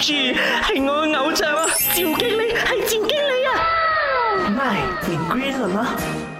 係我嘅偶像啊，趙經理係趙經理啊，My g r e